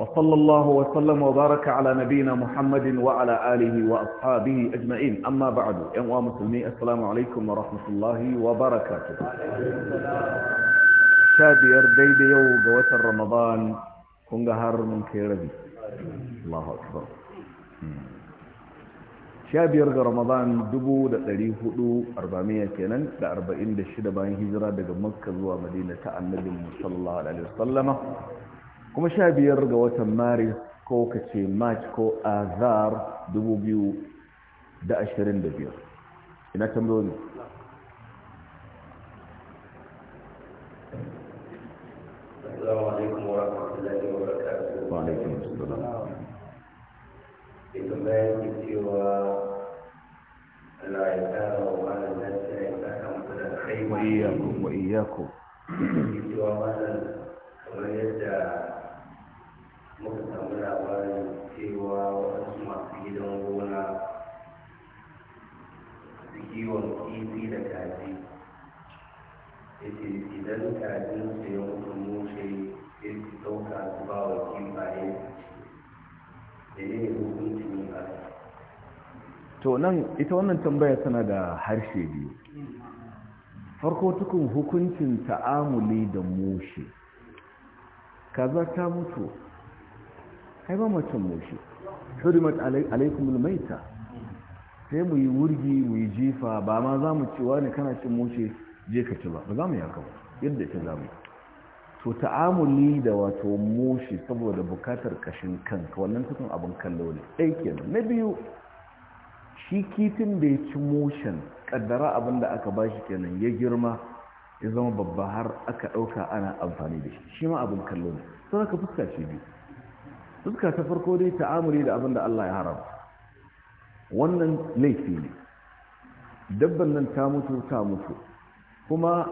وصلى الله وسلم وبارك على نبينا محمد وعلى آله وأصحابه أجمعين أما بعد أموى مسلمي السلام عليكم ورحمة الله وبركاته شابير ديو وقوة رمضان كنغهار من كيربي الله أكبر رمضان دبو ramadan 1440 kenan da 46 bayan hijira daga makka zuwa ومدينة النبي صلى الله عليه وسلم kuma sha biyar ga watan maris ko ka ce march ko azar dubu biyu da da ashirin biyar, ina tambayoyi to nan ita wannan tambaya tana da harshe biyu farko tukun hukuncin ta'amuli da mushe kaza ta mutu ba macin mushe hurimat alaikun maita sai mu yi wurgi mu yi jifa ba ma za mu cewa ne kana cin mushe je ka ci ba ba za mu yaka ba yadda ita za mu to ta'amuli da wato mushe saboda bukatar kashin kanka wannan tukun abin kallo ne ɗai kenan na biyu shi kifin da ya ci motion kaddara abin da aka ba shi kenan ya girma ya zama babba har aka ɗauka ana amfani da shi shi ma abin kallo ne sun fuska ce biyu fuska ta farko dai ta ta'amuri da abin da Allah ya haram wannan laifi ne dabban nan ta mutu ta mutu kuma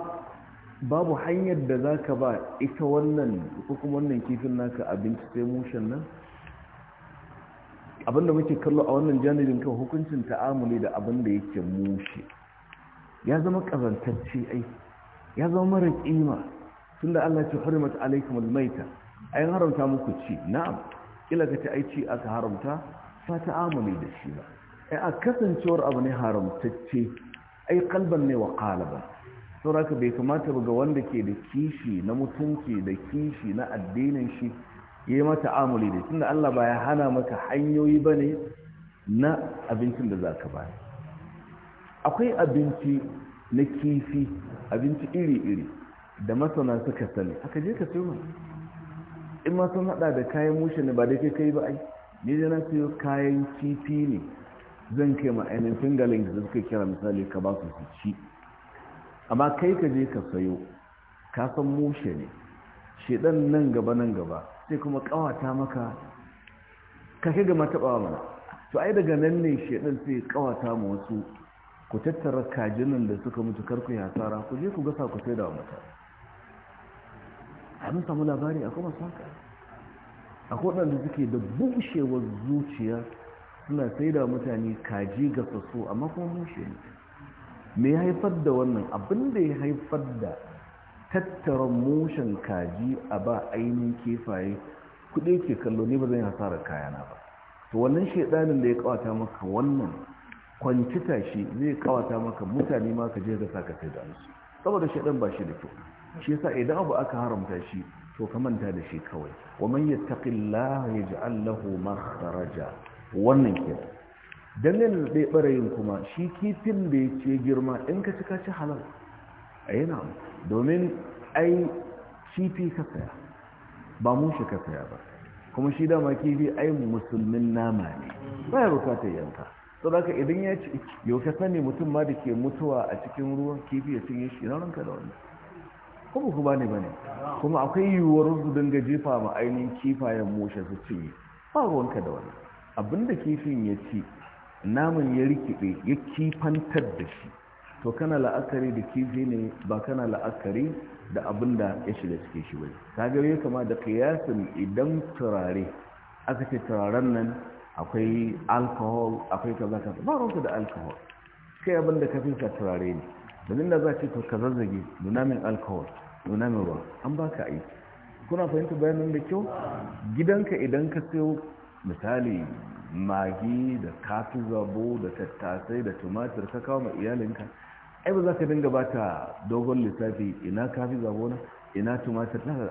babu hanyar da za ka ba ita wannan ko kuma wannan kifin naka abinci sai mushen nan abinda muke kallo a wannan janirin kan hukuncin ta'amuli da abinda yake mushe ya zama kazantacce ai ya zama mara kima tunda Allah ya ce harimat alaikum almaita ai haramta muku ci na'am kila ka ta aici aka haramta fa ta'amuli da shi ba ai a kasancewar abu ne haramtacce ai kalban ne wa qalaban saboda bai kamata ba ga wanda ke da kishi na mutunci da kishi na addinin shi yi mata amuli da tunda Allah ba ya hana maka hanyoyi ba ne na abincin da za ka baya akwai abinci na kifi abinci iri-iri da masana suka sani aka je ka fi in ma sun hada da kayan mushe ne ba da ke kai ba ai ne da na siyo kayan kifi ne zan kai ma ainihin fingalin da suka kira misali ka ba su su ci amma kai ka je ka sayo ka san mushe ne shedan nan gaba nan gaba sai kuma kawata maka kashe shiga mataɓa mana to ai daga nan ne shaɗin sai kawata ma wasu ku tattara kajinan da suka mutu karku ya tsara ku je ku gasa ku sai da mata a mun samu labari a kuma saka a da suke da bushewar zuciya suna sai da mutane kaji ga sasso amma kuma mushe ne me ya haifar da wannan abin da ya haifar da tattara mushen kaji a ba ainihin kifaye kuɗi ke kallo ne ba zan hasarar kayana ba to wannan shaidanin da ya kawata maka wannan kwanci tashi zai kawata maka mutane ma ka je ga saka sai da su saboda shaidan ba shi da kyau shi yasa idan abu aka haramta shi to ka manta da shi kawai wa man yattaqillaha yaj'al lahu makhraja wannan kenan dangane da bare yin kuma shi kifin da ya ce girma in ka ci ka ci halal yana eh, domin ai kifi ka saya ba mushi ka saya ba kuma shi dama kifi ai musulmin nama ne ba ya bukatar yanka sau da idan ya ci yauka ka sani mutum ma da ke mutuwa a cikin ruwan kifi ya cinye shi na ranka da wani kuma ku bane bane kuma akwai yiwuwar su dinga jefa ma ainihin kifayen mushe su cinye ba ruwanka da wani abinda kifin ya ci naman ya rikide ya kifantar da shi to kana la'akari da kifi ne ba kana la'akari da abin da ya shiga cikin shi bai ta gare kama da kiyasin idan turare aka ce turaren nan akwai alkohol akwai kaza kaza ba ruwanka da alkohol kai abin da ka fesa turare ne domin da za ce to ka zazzage nuna min alkohol nuna min ruwa an ba baka aiki kuna fahimta bayanin da kyau gidanka idan ka sayo misali magi da kafi zabo da tattasai da tumatir ka kawo ma iyalinka ai ba za ka dinga ba ta dogon lissafi ina kafi zabona ina tumatir na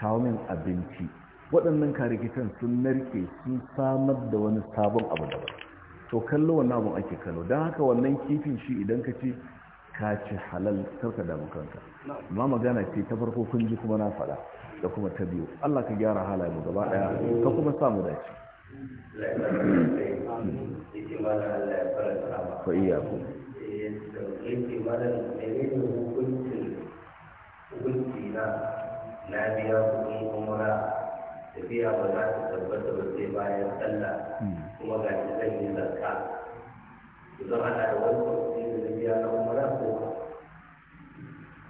kawo min abinci waɗannan karikitan sun narke sun samar da wani sabon abu da ba to kallo wannan abin ake kallo don haka wannan kifin shi idan ka ci ka ci halal karka damu kanka ma magana ce ta farko kun ji kuma na faɗa da kuma ta biyu Allah ka gyara halayen mu gaba ɗaya ka kuma samu dace Ko iya لو جبت مدد منين وقلت وقلت لا لا بيا وقلت انا عمرة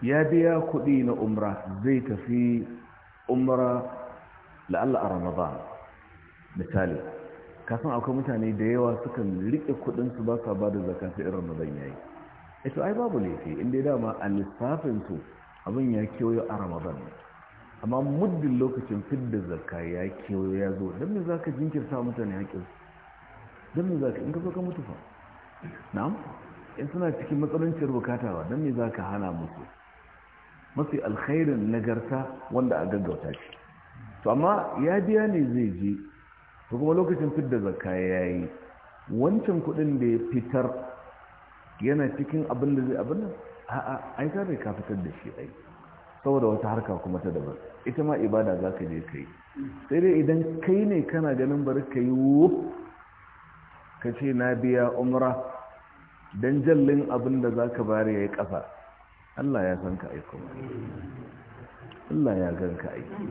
يا بيا كدينا عمرة زيت في عمرة لألا رمضان مثالي kasan akwai mutane da yawa sukan riƙe kuɗinsu ba sa ba da zakafi irin da zan ya to ai babu laifi inda dama a lissafinsu abin ya kewayo a ramadan amma muddin lokacin fidda zakka ya kewayo ya zo don me za ka jinkirta mutane haƙƙin don me za ka in ka so ka mutu fa na'am in suna cikin matsalancin bukata ba don me za ka hana musu musu alkhairin nagarta wanda a gaggauta shi to amma ya biya ne zai je to kuma lokacin fidda zakka ya yi wancan kuɗin da ya fitar yana cikin abin da zai abin nan a'a ai ka bai ka da shi ai saboda wata harka kuma ta daban ita ma ibada za ka je kai sai dai idan kai ne kana ganin bari ka yi wu ka ce na biya umra don jallin abin da za ka bari ya yi ƙasa allah ya san ka aiko allah ya gan ka aiki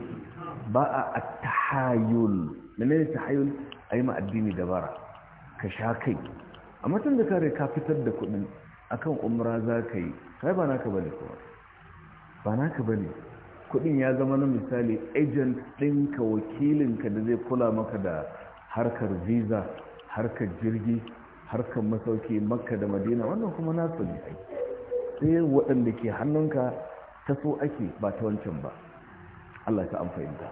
ba a tahayul menene tahayul a yi ma addini dabara ka sha kai a matan da kare ka fitar da kudin akan umra za ka yi kai ba naka bane kuma ba naka bane kudin ya zama na misali agent ɗinka wakilinka da zai kula maka da harkar visa harkar jirgi harkar masauki makka da madina wannan kuma na ne ai sai waɗanda ke hannunka ta so ake ba ta wancan ba Allah ta amfani ta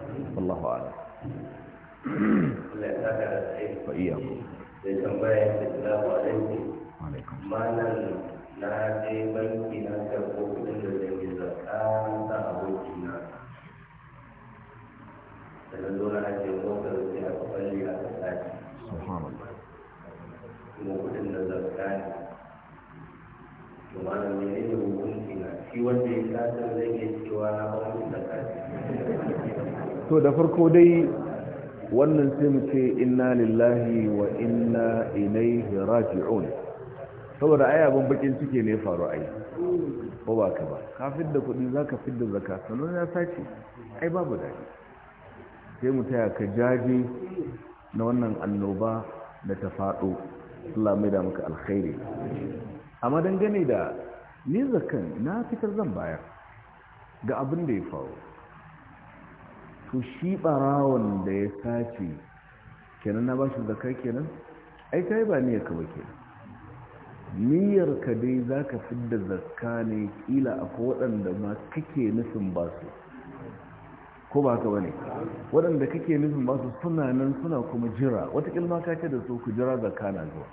ya sa da sai tambaya ya ce a alaikum malam na je banki na karɓo kuɗin da zan yi zakka ta aboki na da na zo na ajiye motar sai aka falle aka sace kuma kuɗin da zakka ne to malam ne ne hukunci na shi wanda ya sace zai iya cewa na ba mu to da farko dai wannan sai mu ce inna lillahi wa inna ilaihi raji'un saboda aya bakin cike ne faru ai ko ba ka ba ka fidda kuɗi za ka fidda zaka sannan ya sace ai babu daɗi sai mu taya ka jaje na wannan annoba da ta faɗo Allah mai da maka alkhairi amma dangane da ni zakan na fitar zan bayar ga abin da ya faru to shi barawon da ya sace kenan na bashi zakar kenan ai ta yi ba niyyar ka ba kenan niyyar ka dai za ka fidda zakka ne kila akwai waɗanda ma kake nufin ba su ko ba ka bane waɗanda kake nufin ba su suna nan suna kuma jira wata ma ka ce da su ku jira zakka na zuwa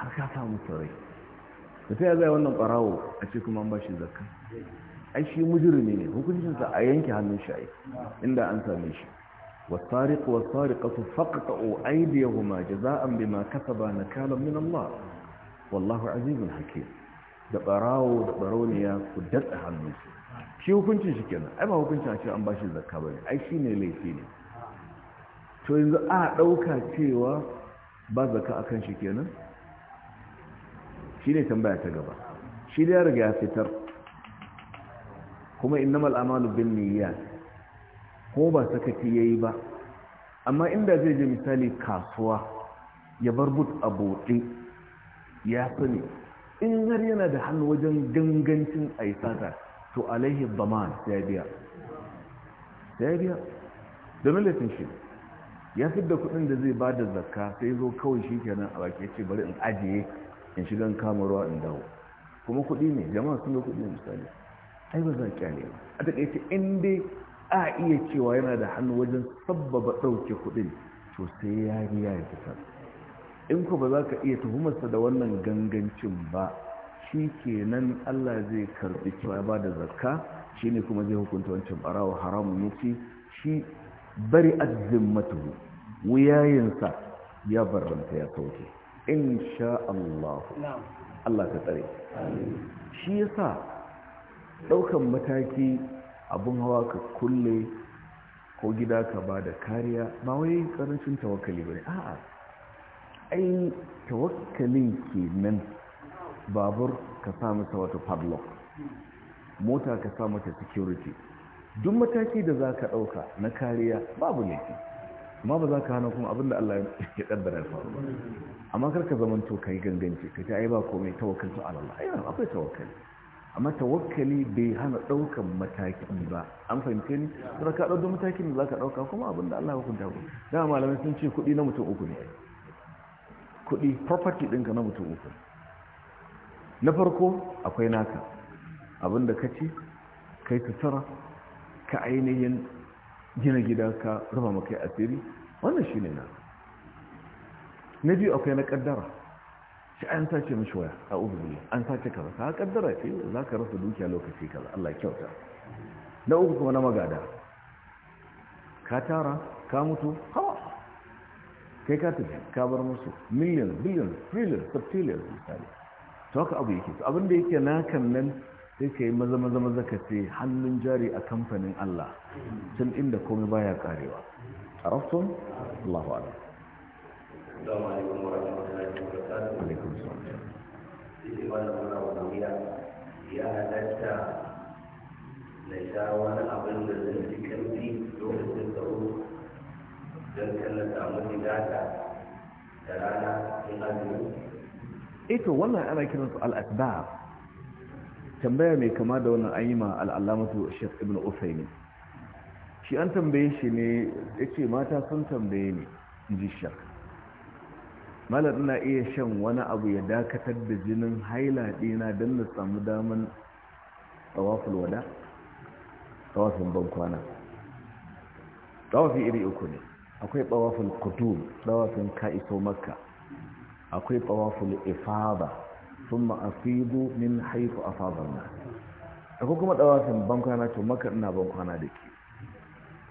har ka samu sarai da ta yi zai wannan barawo a ce kuma an ba shi zakka ai shi mujrimi ne hukuncin sa a yanke hannun shi ai inda an same shi والسارق والسارقة فاقطعوا أيديهما جزاء بما كسبا نكالا من Allah? Wallahu عزيز حكيم da barawo da barauniya ku datsa hannunsu shi hukuncin shi kenan ai ba hukuncin a ce an bashi zakka bane ai shi ne laifi ne to yanzu a ɗauka cewa ba zakka akan shi kenan shi ne tambaya ta gaba shi da ya riga ya fitar kuma innama al'amalu bin niyyat ko ba sakaci yayi ba amma inda zai je misali kasuwa ya bar but a ya sani in har yana da hannu wajen gangancin aisata to alaihi bama ya biya Da biya domin laifin shi ya fi da kudin da zai ba da zakka sai zo kawai shi kenan a baki ce bari in ajiye in shigan kama in dawo kuma kudi ne jama'a sun da kudi misali ai ba za kyale ba a takaice in dai a iya cewa yana da hannu wajen sabbaba ɗauke kuɗin to sai ya riya ya fitar in ku ba za ka iya tuhumarsa da wannan gangancin ba shi kenan Allah zai karɓi cewa ba da zakka shi ne kuma zai hukunta wancan ɓarawa haramun ya shi bari matuhu wuyayensa ya barranta ya sauke in sha Allah Allah ka tsare shi yasa Daukan mataki abun hawa ka kulle ko gida ka ba da kariya ba wai karancin tawakali ba ne a'a ai tawakalin kenan babur ka sa masa wata padlock mota ka sa mata security duk mataki da za ka ɗauka na kariya babu ne. amma ba za ka hana kuma abinda Allah ya kaddara ya faru ba amma kar ka to kai ganganci ka ta ai ba komai tawakkaltu su Allah ai akwai tawakkali amma tawakkali bai hana daukan matakin ba an fahimce ni sai ka dauki matakin da zaka dauka kuma abin da Allah ya hukunta ku da malamai sun ce kudi na mutum uku ne kudi property ɗinka na mutum uku na farko akwai naka abin da ka ci kai tsara ka ainihin gina gida ka rufa makai asiri wannan shine na na biyu akwai na kaddara shi an sace mishi waya a biyu, an sace kaza ka kaddara ce za ka rasa dukiya lokaci kaza Allah kyauta na uku kuma na magada ka tara ka mutu hawa kai ka tafi ka bar musu miliyan biliyan trillion septillion misali to haka abu yake abin da yake nakan nan sai ka yi maza maza maza ka ce hannun jari a kamfanin Allah tun inda komai baya karewa a rafton Allah wa'ala. alaikum salam ya halatta na wani abin da zan lokacin tsaro don da rana wannan ana kiransu al'asbab tambaya mai kama da wannan an yi ma al'allamatu shek ibn usaini shi an tambaye shi ne ya ce mata sun tambaye ne in ji shek malar ina iya shan wani abu ya dakatar da jinin haila dina don na samu daman tsawafin wada tsawafin bankwana tsawafin iri uku ne akwai tsawafin kudu tsawafin ka'iso makka akwai tsawafin ifada sun ma'afidu min haifu a fadar na akwai kuma tsawafin bankwana to maka ina bankwana da ke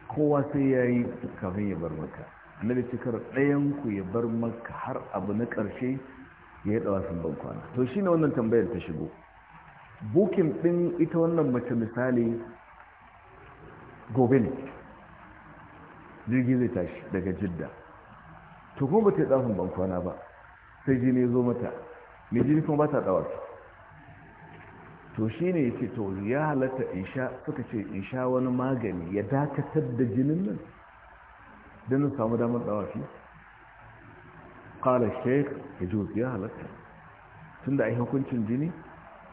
kowa sai ya yi kafin ya bar makka annabi cikar ɗayan ku ya bar maka har abu na ƙarshe ya yi ɗawafin ban kwana to shi ne wannan tambayar ta shigo bukin ɗin ita wannan mace misali gobe ne Jirgin zai tashi daga jidda to kuma ba ta yi ɗawafin ban kwana ba sai jini ya zo mata mai jini kuma ba ta ɗawar? to shi ne ya ce to ya halatta in sha suka ce in sha wani magani ya dakatar da jinin nan don na samu damar dawafi kala sheik ya ji ya halatta tun da a hukuncin jini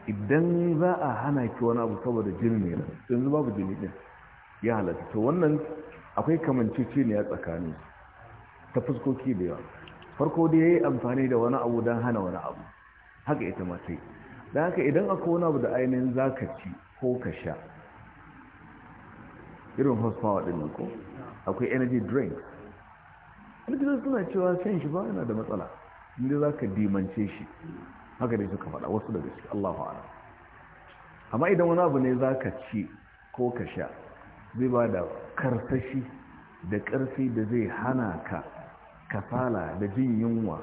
idan za a hana ki wani abu saboda jini ne na, yanzu babu jini ɗin ya halatta to wannan akwai kamanceci ne a tsakani ta fuskoki da yawa farko dai ya yi amfani da wani abu don hana wani abu haka ita matai da haka idan akwai wani abu da ainihin za ka ci ko ka sha irin power din ko akwai energy drinks da suna cewa shan shi ba yana da matsala inda za ka dimance shi haka dai suka faɗa wasu daga shi Allah fa'ala amma idan wani abu ne za ka ci ko ka sha zai ba da karsashi da karfi da zai hana ka kasala da jin yunwa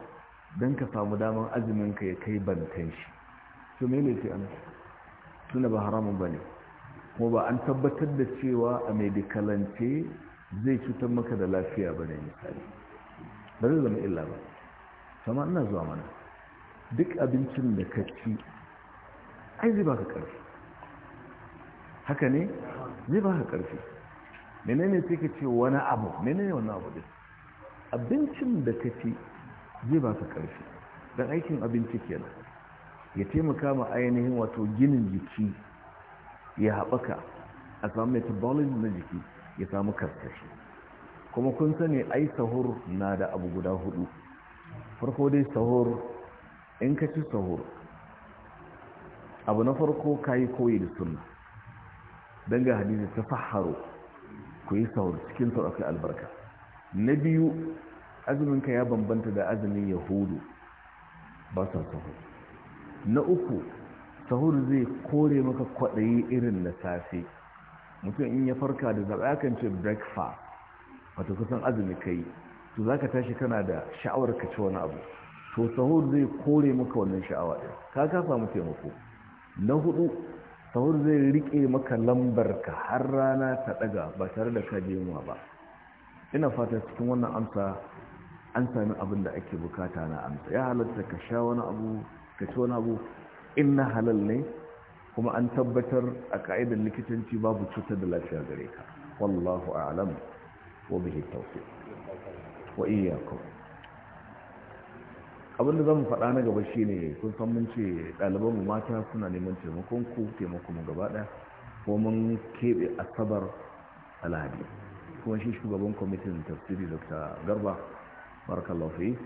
don ka samu damar azumin ka ya kai bantan shi su me ne sai an Suna ba haramun ba ne kuma ba an tabbatar da cewa a medikalance zai cutar maka da lafiya ba ne misali ba zai zama illa ba sama ina zuwa mana duk abincin da ka ci ai zai baka ƙarfi haka ne zai baka ƙarfi menene sai ka ce wani abu menene wani abu din abincin da ka ci zai baka ƙarfi don aikin abinci kenan ya taimaka ma ainihin wato ginin jiki ya haɓaka a samu metabolism na jiki ya samu karkashi kuma kun sani ai sahur na da abu guda hudu farko dai sahur in ka ci sahur abu na farko ka yi koyi da sunna don ga hadisi ta faharo ku yi sahur cikin sauraki albarka na biyu azuminka ya bambanta da azumin yahudu ba sa sahur na uku sahur zai kore maka kwaɗayi irin na safe mutum in ya farka da zaɓa kan ce breakfast Wata kusan azumi kai to za ka tashi kana da sha'awar ka ci wani abu to sahur zai kore maka wannan sha'awa ɗin ka ka samu taimako na hudu sahur zai riƙe maka lambar ka har rana ta ɗaga ba tare da ka je ba ina fata cikin wannan amsa an sami abin da ake bukata na amsa ya halatta ka sha wani abu ka ci wani abu in na halal ne kuma an tabbatar a ka'idar likitanci babu cutar da lafiya gare ka wallahu a'lam wa bihi tawfiq wa iyyakum abin da zamu faɗa na gaba shine kun san mun ce ɗaliban mu mata suna neman taimakon ku taimakon mu gaba ɗaya ko mun keɓe asabar alhadi kuma shi shugaban kwamitin tafsiri dr garba barakallahu fi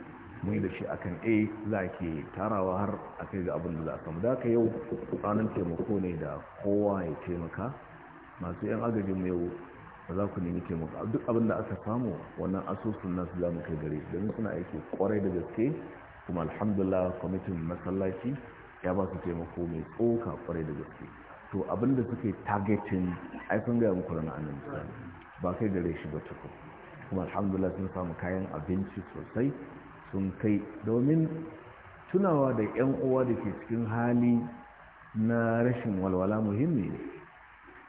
mun da shi akan a za ke tarawa har a kai ga abin da za a samu da yau ranar taimako ne da kowa ya taimaka masu yan agajin yau ba za ku nemi taimako duk abin da aka samu wannan asusun nasu za mu kai gare domin suna aiki kwarai da gaske kuma alhamdulillah kwamitin masallaci ya ba su taimako mai tsoka kwarai da gaske to abin da suke targeting ai sun gaya muku rana annan ba kai gare shi ba tukun kuma alhamdulillah sun samu kayan abinci sosai sun kai domin tunawa da 'yan uwa da ke cikin hali na rashin walwala muhimmi ne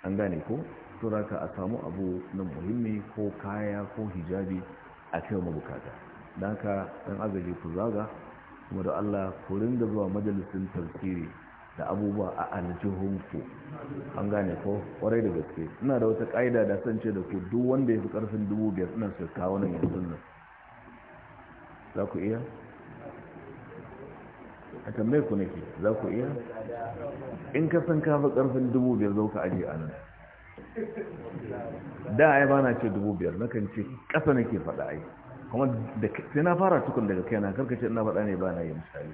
an gane ko turaka a samu abu na muhimmi ko kaya ko hijabi a kai mabukata don haka ɗan agaji ku zaga kuma da allah ku da zuwa majalisun tafsiri da abubuwa a ku an gane ko kwarai da gaske ina da wata ƙa'ida da san ce da ku duk wanda ya fi ƙarfin dubu biyar ina su kawo nan yanzu nan za ku iya a tambayar ku nake za ku iya in ka san kafa karfin dubu biyar zo ka aje a nan da ai ba na ce dubu biyar na kan ce ƙasa nake faɗa ai kuma sai na fara tukun daga kaina karkace ina faɗa ne ba na yi misali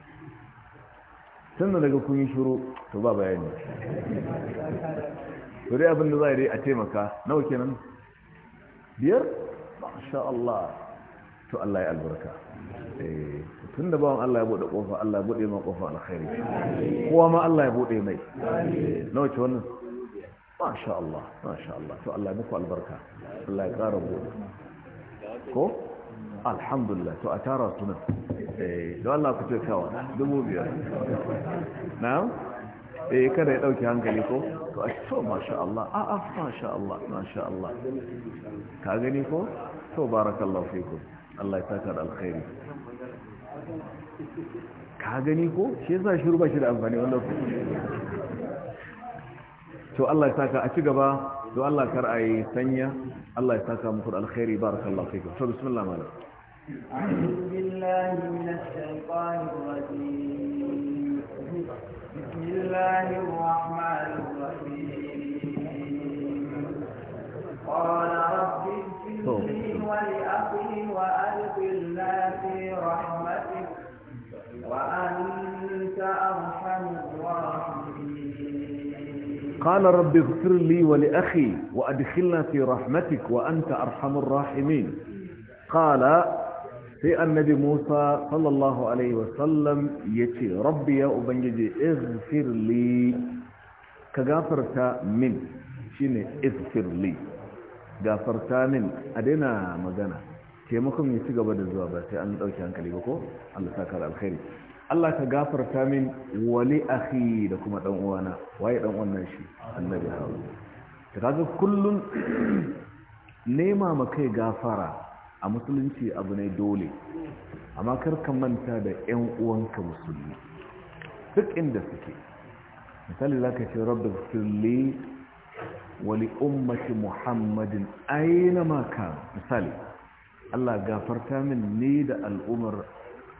tun da daga kun yi shuru to ba bayani to dai abin da za a yi a taimaka nawa kenan biyar masha Allah to Allah ya albarka eh, tun da bawan Allah ya bude kofa Allah ya bude ma kofa alkhairi kowa ma Allah ya bude mai eh, Na ce wannan masha Allah masha Allah to Allah ya muku albarka Allah ya ƙara bude ko alhamdulillah to a tara sunan eh, don Allah ku ce kawa dubu biyar na eh kada ya dauke hankali ko to a so masha Allah a a masha Allah masha Allah ka gani ko to barakallahu fikum Allah ya saka alkhairi ka gani ko shi yasa shiru ba shi da amfani wannan ku to Allah ya saka a ci gaba to Allah kar a yi sanya Allah ya saka muku da alkhairi barakallahu fikum to bismillah malam أعوذ بالله من ولأخي وأدخلنا في رحمتك وأنت أرحم الراحمين قال رب اغفر لي ولأخي وأدخلنا في رحمتك وأنت أرحم الراحمين قال في النبي موسى صلى الله عليه وسلم يتي ربي يا أبنجي اغفر لي كغافرت من شيني اغفر لي gafarta min a daina magana taimakon ya ci gaba da zuwa ba sai an ɗauki hankali ba ko Allah saka alkhairi Allah ka gafarta min wali akhi da kuma ɗan uwana waye dan wannan shi annabi hawa ta kaga kullun nema ma kai gafara a musulunci abu ne dole amma kar ka manta da ƴan uwanka musulmi duk inda suke misali zaka ce rabbi fili wali ummati muhammadin aina maka misali Allah gafarta min ne da al'ummar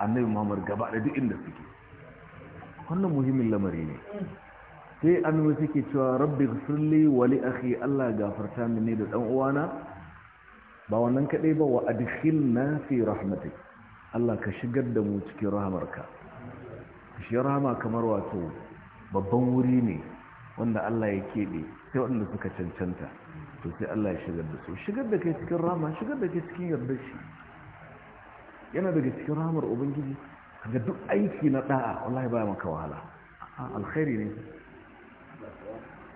annabi Muhammadu gaba da duk inda suke wannan muhimmin lamari ne sai annabi suke cewa rabbi wali wa li Allah gafarta min ne da ɗan uwana ba wannan kadai ba wa adkhilna fi rahmatik Allah ka shigar da mu cikin rahmarka shi rahama kamar wato babban wuri ne wanda Allah ya keɓe sai wanda suka cancanta to sai Allah ya shigar da su shigar da kai cikin rama shigar da kai cikin yarda shi yana daga cikin ramar ubangiji ga duk aiki na da'a wallahi baya maka wahala alkhairi ne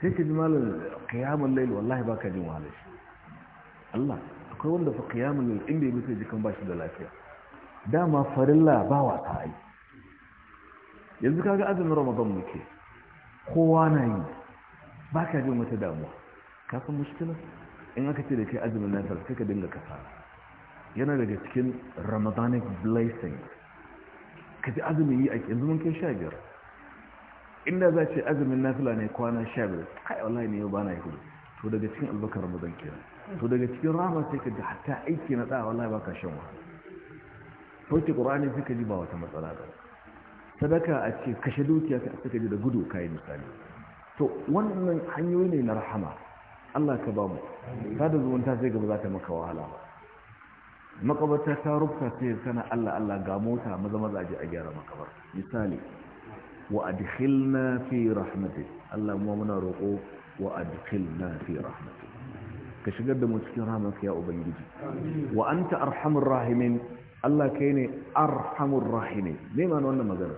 sai ka ji malam qiyamul layl wallahi baka jin wahala shi Allah akwai wanda fa qiyamul layl inda yabi sai jikan bashi da lafiya dama farilla ba wa ta ai yanzu kaga azumin ramadan muke kowa na yi ba ka jin wata damuwa kafin mushkila in aka ce da kai azumin nasar sai ka dinga kasa yana daga cikin ramadanic blessing ka ji azumin yi a ƙin zuman kai sha biyar inda za ce azumin nafila ne kwana sha biyar kai wallahi ne yau ba na yi hudu to daga cikin albarkar ramadan kenan to daga cikin rama sai ka ji hatta aiki na tsaya wallahi ba ka shan wahala sauke ne sai ka ji ba wata matsala ba sadaka a ce kashe dukiya ka suka da gudu kayan misali to wannan hanyoyi ne na rahama Allah ka ba mu sada zumunta sai gaba za ta maka wahala ba makabarta ta rubuta sai sana Allah Allah ga mota maza maza aje a gyara makabar misali wa adkhilna fi rahmatik Allah mu muna roƙo wa adkhilna fi rahmatik ka shigar da mu cikin rahmatka ya ubangiji wa anta arhamur rahimin Allah kai ne arhamun rahimi me ma wannan magana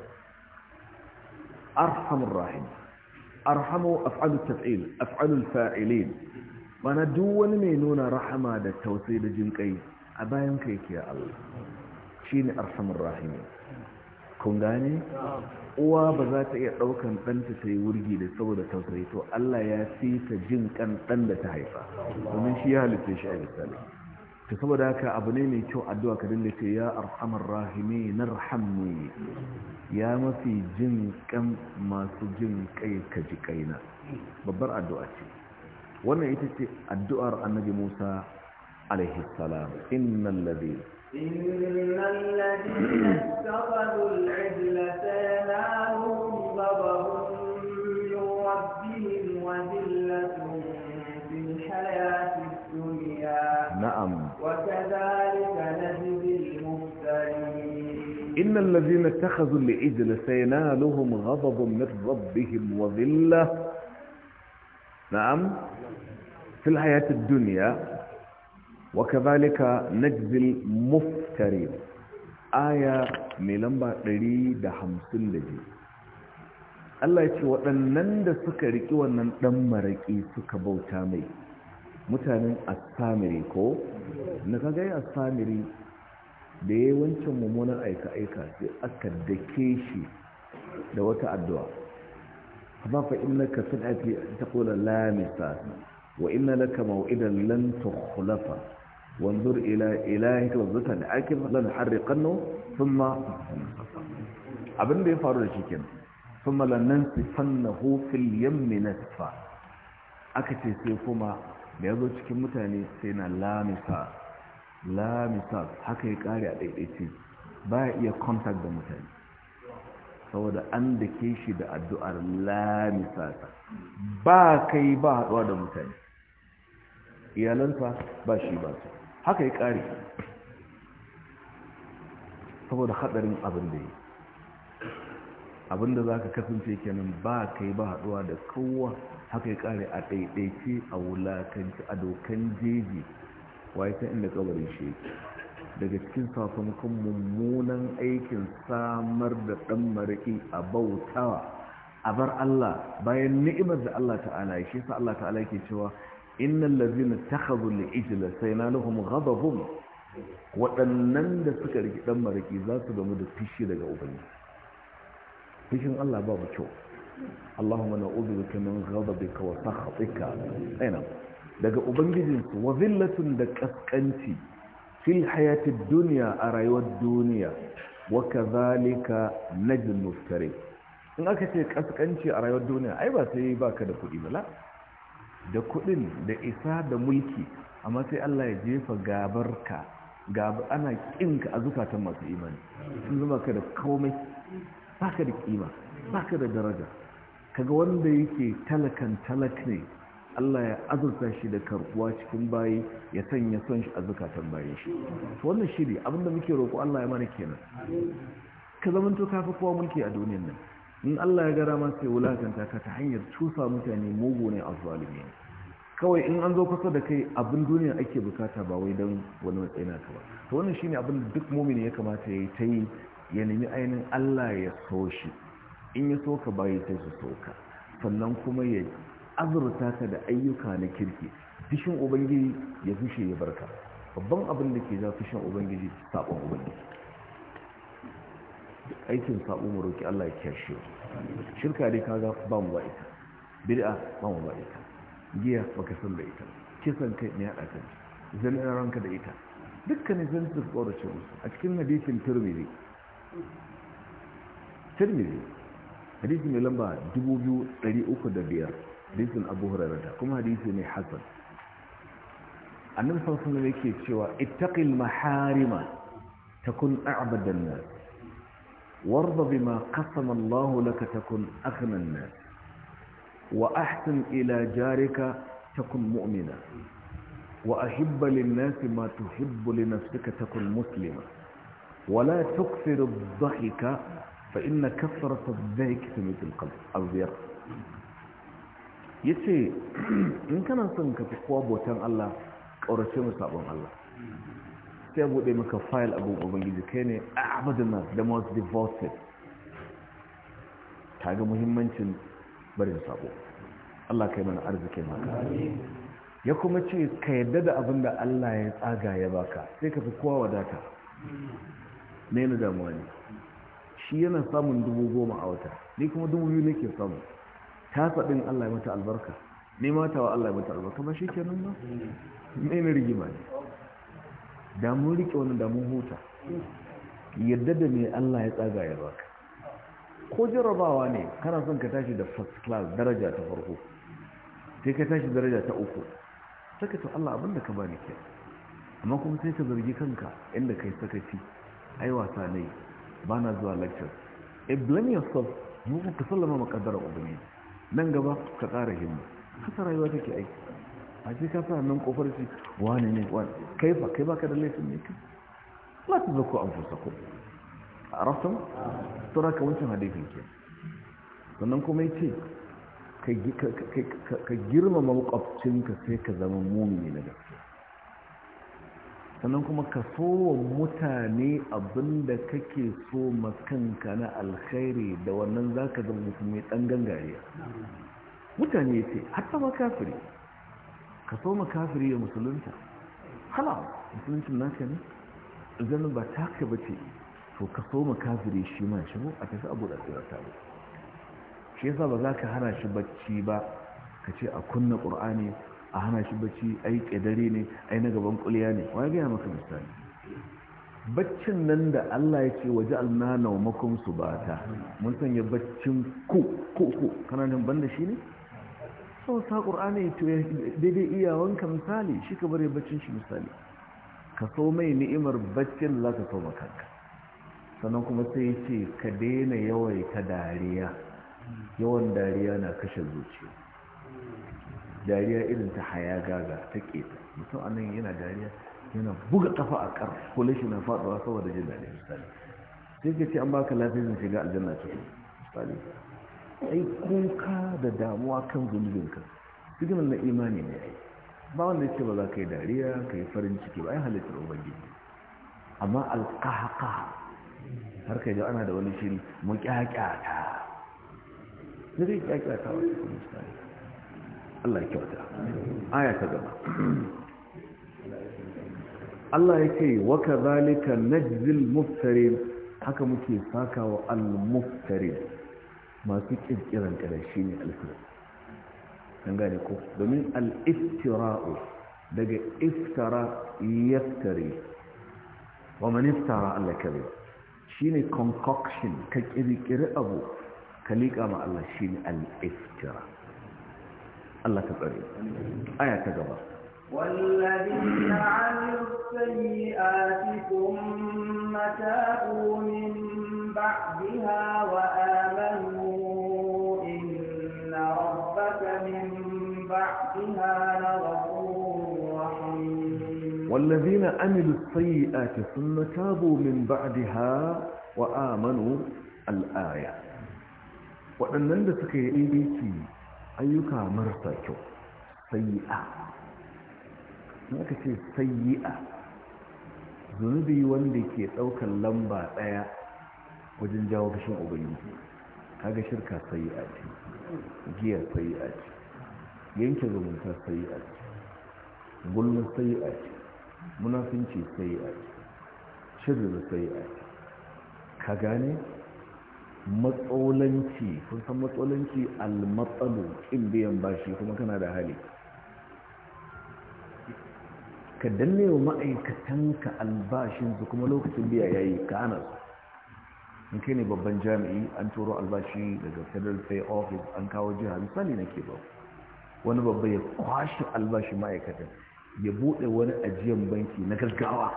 Arhamun rahimi arhamu af'alu taf'il af'alul fa'ilin mana duk wani mai nuna rahama da tausayi da jinkai a bayan kai ke Allah shine arhamur rahimi kun gane uwa ba za ta iya ɗaukan ɗanta ta yi wurgi da saboda tausayi to Allah ya sita jin kan da ta haifa domin shi ya halitta shi a misali to saboda haka abu ne mai kyau addu'a ka dinga ce ya arhamar rahimi narhamni ya mafi jin kan masu jin kai ka ji kaina babbar addu'a ce wannan ita ce addu'ar annabi Musa alaihi salam innal ladhi innal ladhi taqadu al-ijla sanahum babahum yuwabbihim wa dhillatun fil hayati dunya na'am وكذلك نجزي المفترين إن الذين اتخذوا العجل سينالهم غضب من ربهم وذلة نعم في الحياة الدنيا وكذلك نجزي المفترين آية mai lamba 152 Allah ya ce waɗannan da suka riƙi wannan ɗan maraƙi suka bauta mai mutanen assamiri ko na kaga yi assamiri da ya yi wancan mummunan aika-aika sai aka dake shi da wata addu'a amma fa ina ka sadati ta kula lamisa wa inna laka maw'idan lan tukhlafa wanzur ila ilahika wa zutan akif lan harriqannu thumma abin da ya faru da shi kenan thumma lan nansifannahu fil yammi nasfa aka ce sai kuma da ya zo cikin mutane sai na lamisa lamisa haka ya kare a ɗaiɗaice ba ya iya contact da mutane saboda an da ke shi da addu'ar lamisa ba kai ba haɗuwa da mutane iyalansa ba shi ba su haka ya kare saboda haɗarin abin da yi abin da za ka kasance kenan ba kai ba haɗuwa da kowa haka ya kare a ɗaiɗaice a wulakanci a dokan jeji waye ta inda kabarin shi daga cikin sakamakon mummunan aikin samar da ɗan mariki a bautawa a bar Allah bayan ni'imar da Allah ta'ala shi Allah ta'ala ke cewa innal ladzina takhadhu al-ijla saynaluhum ghadabun waɗannan da suka riki ɗan mariki za su gamu da fishi daga ubangiji fishin Allah babu kyau Allahumma na'udhu bika min ghadabika wa sakhatika aina daga ubangijinsu wa zillatun da kaskanci fil hayatid duniya a rayuwar duniya wa na najmul muftari in aka ce kaskanci a rayuwar duniya ai ba sai baka da kuɗi ba la da kuɗin da isa da mulki amma sai Allah ya jefa gabarka gaba ana ƙinka a zukatan masu imani sun zama ka da komai ka da kima ka da daraja kaga wanda yake talakan talak ne Allah ya azurta shi da karkuwa cikin bayi ya sanya son shi a zukatan bayan shi to wannan shiri abinda muke roƙo Allah ya mana kenan ka zamanto ka kowa mulki a duniyar nan in Allah ya gara ma sai wulakanta ka ta hanyar cusa mutane mugu ne a zalimi kawai in an zo kusa da kai abin duniya ake bukata ba wai don wani matsayi ka ba to wannan shine abin da duk mumini ya kamata ya yi ta yi ya nemi ainihin Allah ya so shi in ya soka ka bayi sai su soka sannan kuma ya azurta ka da ayyuka na kirki fishin ubangiji ya fushe ya barka babban abin da ke za fishin ubangiji saɓon ubangiji aikin saɓon mu roki Allah ya kiyashe shirka dai kaga ba mu ba ita bid'a ba mu ba ita giya ka san da ita kisan kai ne hada kan zanen ranka da ita dukkanin sun su tsorace musu a cikin hadisin turmiri turmiri hadisi mai lamba 2305 hadisin abu hurairata kuma hadisi ne hasan annabi sallallahu alaihi yake cewa ittaqil maharima takun a'bada an-nas warda bima qasama Allah laka takun aghna an-nas wa ahsin ila jarika takun mu'mina wa ahibba lin-nas ma tuhibbu li nafsika takun muslima ولا تكثر الضحك فإن كثرة الضحك تميت القلب الزيار yace in kana son ka fi kowa botan Allah ƙaurace mu sabon Allah sai bude maka fayil abu ubangiji kai ne abadin nas the most devoted ta ga muhimmancin barin sabo Allah kai mana arzikin maka ya kuma ce ka yarda da abin da Allah ya tsaga ya baka sai ka fi kowa wadata ne na damuwa ne shi yana samun dubu goma a wata ni kuma dubu biyu nake samu ta faɗin Allah ya mata albarka ni mata wa Allah ya mata albarka ba shi kenan ba ne na rigima ne da mun rike wani da huta yadda da me Allah ya tsaga ya baka ko jarabawa ne kana son ka tashi da first class daraja ta farko sai ka tashi daraja ta uku saka to Allah abinda ka bani ke amma kuma sai ka zargi kanka inda kai sakaci ai wasa ne ba na zuwa lectures a eh, blame yourself mu ka sallama makaddara ubangiji nan gaba ka kara himma kasa rayuwa take aiki a ce ka sa nan kofar ce wani ne wani kai fa kai baka da laifin ne kai la ta zako an fusa ku a rasan tura ka wancan hadifin ke sannan kuma ya ce ka girmama makwabcinka sai ka zama mumini na gaske sannan kuma ka sowa mutane abinda kake so makanka na alkhairi da wannan za ka zama musulmi dan gangariya mutane ce hatta ma kafiri ka so makafiri ya musulunta hala musuluncin na ne zanen ba taka ba ce to ka so makafiri shi ma shigo a tafi abu da tsira ba shi yasa ba za ka hana shi bacci ba ka ce a kunna ƙur'ani a hana shi bacci ai dare ne ai na gaban kuliya ne wai gaya maka misali baccin nan da Allah ya ce waje alna su bata, mun sanya baccin ku ku ku kana nan banda shi ne sau sa ƙur'ani to daidai iyawanka misali shi ka bare baccin shi misali ka so mai ni'imar baccin za ka so makanka sannan kuma sai ce ka daina yawai ka dariya yawan dariya na kashe zuciya dariya irin ta haya gaga ta keta mutum a nan yana dariya yana buga kafa a kar kula shi na faɗuwa saboda jin daɗi misali sai ka ce an baka lafiyar shiga aljanna ta misali ai kuka da damuwa kan zunubinka signal na imani ne ai ba wanda ce ba za ka yi dariya ka yi farin ciki ba ai halittar ubangiji amma alƙahaƙa har kai ana da wani shiri mu ƙyaƙyata zai ƙyaƙyata kuma misali Allah ya kyauta aya ta gaba Allah ya ce wa kadhalika najzil muftarin haka muke saka wa al muftarin masu kirkiran kare shine alfil kan gane ko domin al iftira'u daga iftara yaftari wa man iftara Allah kabe shine concoction ka kirkiri abu ka liƙa ma Allah shine al iftira' الله ka آية aya ta والذين عملوا السيئات ثم تابوا من بعدها وآمنوا إن ربك من بعدها لغفور رحيم والذين عملوا السيئات ثم تابوا من بعدها وآمنوا الآية وأن da suka yi ayyuka marasa kyau sayi'a Na ka ce sayi'a zunubi wanda ke ɗaukar lamba ɗaya wajen jawo kashin ubangiji kaga shirka sayi'a ce giya sayi'a ce yanke zumunta sayi'a ce gulma sayi'a ce munafinci sayi'a ce shirin sayi'a ce ka gane matsolanci kun san matsolanci almatsalo ƙin biyan bashi kuma kana da hali ka danne wa ma'aikatanka su kuma lokacin biya yayi ka ana su in kai ne babban jami'i an turo albashi daga federal pay office an kawo jiha misali na ke ba wani babba ya kwashe albashi ma'aikatan ya buɗe wani ajiyan banki na gaggawa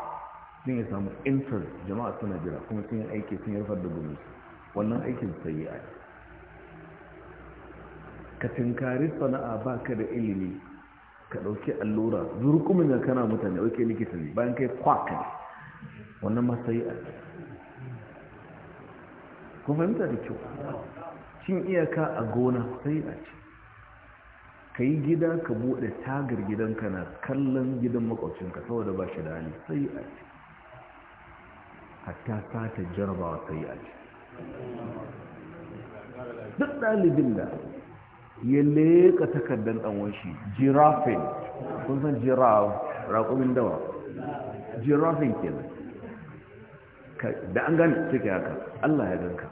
sun ya samu interest jama'a suna jira kuma sun yi aiki sun yi rufar da gwamnati wannan aikin sai yi ka tunkari sana'a ba ka da ilimi ka ɗauki allura zurkumin da kana mutane ɗauke likita ne bayan kai kwaka wannan ma sayi'a Ku fahimta da kyau cin iyaka a gona sai a ce ka yi gida ka buɗe tagar gidanka na kallon gidan makwacinka saboda ba shi da hali sai a ce hatta sata jarabawa sai a ce duk ɗalibin da ya leƙa takardar ɗanwanshi jirafin kun san jiraf raƙumin dawa jirafin ke nan. da an gane cikin haka allah ya ganka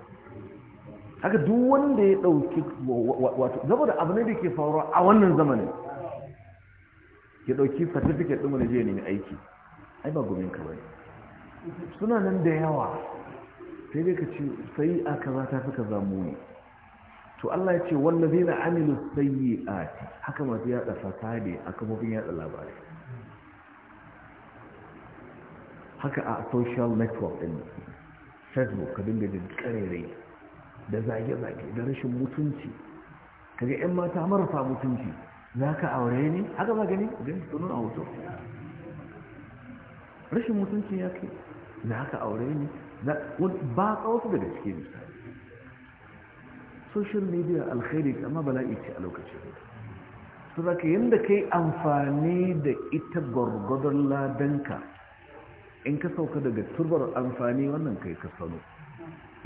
haka duk wanda ya ɗauki wato zama da abu ne da ke faruwa a wannan zamanin ya ɗauki certificate ɗin wani je nemi aiki ai ba gumin kawai. suna nan da yawa sai dai ka ce sai a kaza ta fi kaza muni to Allah ya ce wallazi na Amina sai a sayyi'ati haka masu yada fasade a kafofin yada labarai haka a social network din facebook ka dinga jin karerai da zage-zage da rashin mutunci kaga yan mata marasa mutunci za ka aure ne haka ba gani gani sunan a hoto rashin mutunci ya kai za ka aure ne ba wasu daga cikin misali social media alkhairi amma bala'i ce a lokacin su za ka yadda ka yi amfani da ita gwargwadon ladanka in ka sauka daga turbar amfani wannan kai ka sano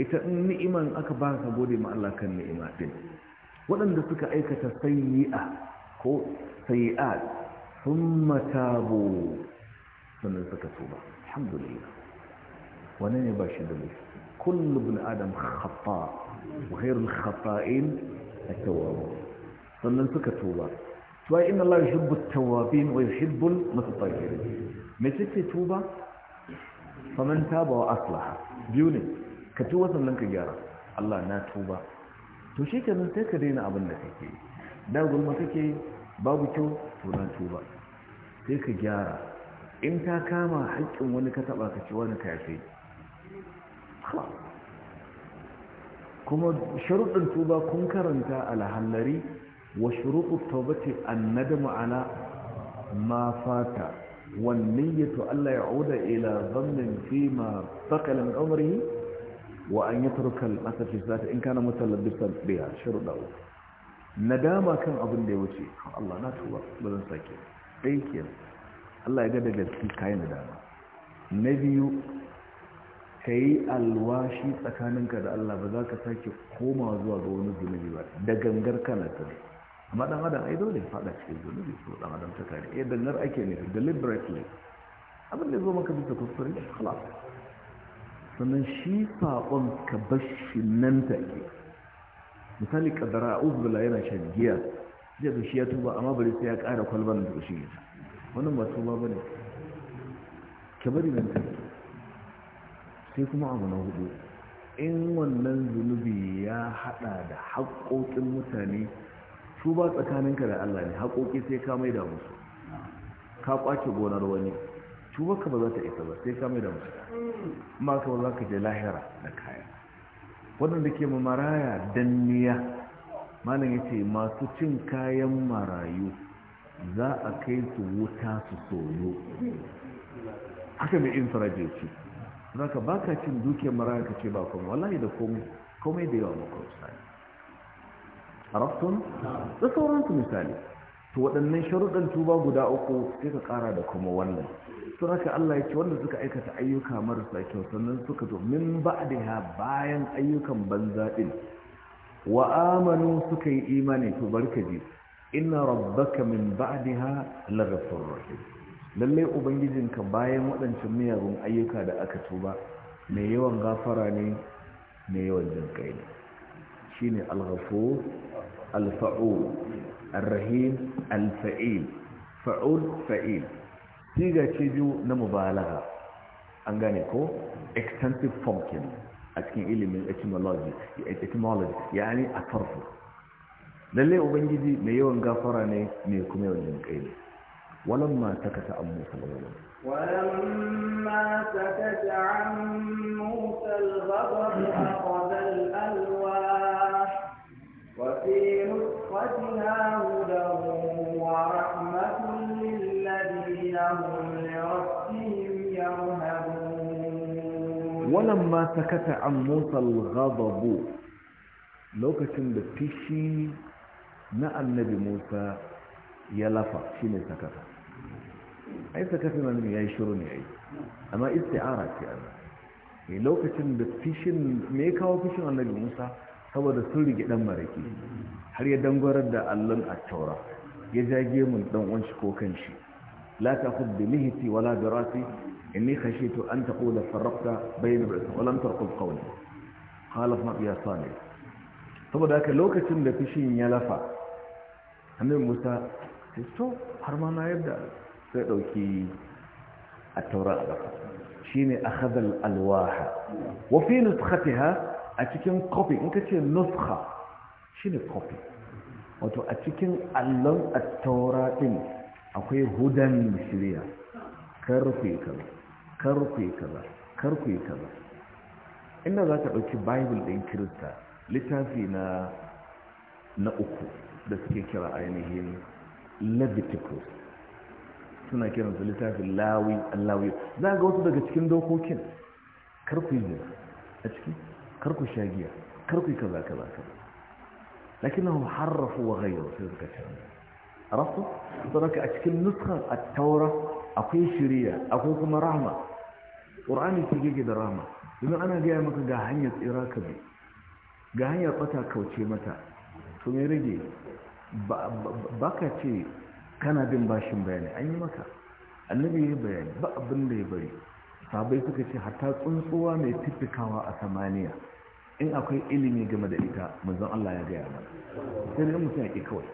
ita ni'iman aka ba ka gode ma'alakan ni'ima din waɗanda suka aikata sayi'a ko sayi'a sun matabo sannan suka tuba alhamdulillah wani ne ba shi da laifi kullu bin adam khata wa khairul khata'in at-tawwabun sannan suka tuba to ai inna allaha yuhibbu at-tawwabin wa yuhibbu al-mutatahhirin me take tuba Saman taba wa aslaha biyu ne ka tuba sannan ka gyara Allah na tuba to shi kenan sai ka daina abin da kake da gulma kake babu kyau to na tuba sai ka gyara in ta kama haƙƙin wani ka taba ka ci wani ka kuma shuruɗin tuba kun karanta alhallari wa shuruɗu taubati annada ma'ana ma fata to Allah ya uda ila zannin fi ma faƙala min wa an yi al-asr zata in kana dukkan biha shuruɗa nadama kan abin da ya wuce Allah na tuba ba zan sake dai Allah ya ga da gaske kai nadama na biyu ka yi alwashi tsakaninka da Allah ba za ka sake komawa zuwa ga wani zunubi ba da gangar kana ta ne amma dan adam ai dole faɗa fada cikin zunubi ko dan adam ta kare eh dangar ake ne deliberately abin da zo maka bisa kuskure kala sannan shi saƙon ka bashi nan ta ke, misali kadara uzbila yana shan giya jiya ga shi ya tuba amma bari sai ya ƙara kwalban da shi wani ba tuba bane ka bari nan take sai kuma abu na hudu in wannan zunubi ya hada da haƙoƙin mutane su ba tsakaninka da Allah ne haƙoƙi sai ka mai da musu ka ƙwace gonar wani tubarka ba za ta isa ba sai ka mai da musu ma ka za ka je lahira da kaya waɗanda ke maraya danniya malam ya ce masu cin kayan marayu za a kai su wuta su soyo haka mai infiraje ce za ka baka cin dukiyar maraya ka ce ba kuma wallahi da komai da yawa maka misali haraftun da sauransu misali to waɗannan sharuɗan tuba guda uku sai ka ƙara da kuma wannan sun raka Allah ya ce wanda suka aikata ayyuka marasa kyau sannan suka zo min ba'daha bayan ayyukan banza din wa amanu suka yi imani to barkaji inna rabbaka min ba'daha laghafurur rahim lallai ubangijinka bayan waɗancan miyagun ayyuka da aka tuba mai yawan gafara ne mai yawan jin kai ne shi ne alhafo alfa'o alrahim alfa'il fa'ul fa'il siga ce biyu na mubalaga an gane ko extensive form a cikin ilimin etymology etymology ne a farko lallai ubangiji mai yawan gafara ne mai kuma yawan jin kai ne ولما سكت عن موسى الغضب ولما سكت عن موسى الغضب أخذ الألواح وفي نسختها هدى ورحمة للذين هم لربهم يرهبون ولما سكت عن موسى الغضب لوكة بفشي نعم النبي موسى ya lafa shi ne sakata ai sakata nan ya yi shiru ne yi. amma isti'ara ce a ne eh, lokacin da fishin me ya kawo fishin annabi musa saboda sun rige dan maraki har ya dangwarar da allon a taura ya jage mun dan uwan shi ko kan shi la taqud bi lihti wala bi rasi inni khashitu an taqula farraqta bayna wa lam tarqub qawli qala ma ya salih saboda haka lokacin da fishin ya lafa annabi musa to har ma na yadda sai ɗauki a taura a ƙasa shi ne a hadal alwaha wafi nuskati ha a cikin kofi in ka ce nuska shi ne kofi wato a cikin allon a taura ɗin akwai hudan shirya karfe kaza karfe kaza karfe kaza inda za ka ɗauki bible ɗin kirista littafi na uku da suke kira ainihin leviticus suna kiran su littafin lawi allawi za ga wasu daga cikin dokokin karku yi a ciki karku shagiya karku yi kaza kaza kaza lakin na harrafu wa gairu sai suka canza rasu saboda a cikin nuskar at-taura akwai shiriya akwai kuma rahma qur'ani ke gege da rahma domin ana gaya maka ga hanyar tsira ka bi ga hanyar bata kauce mata to me rage ba ka ce kana bin bashin bayani an yi maka annabi ya bayani ba abin da ya bari sabai suka ce hatta tsuntsuwa mai tifikawa a samaniya in akwai ilimi game da ita manzon Allah ya gaya mana sai ne mutum ya kawai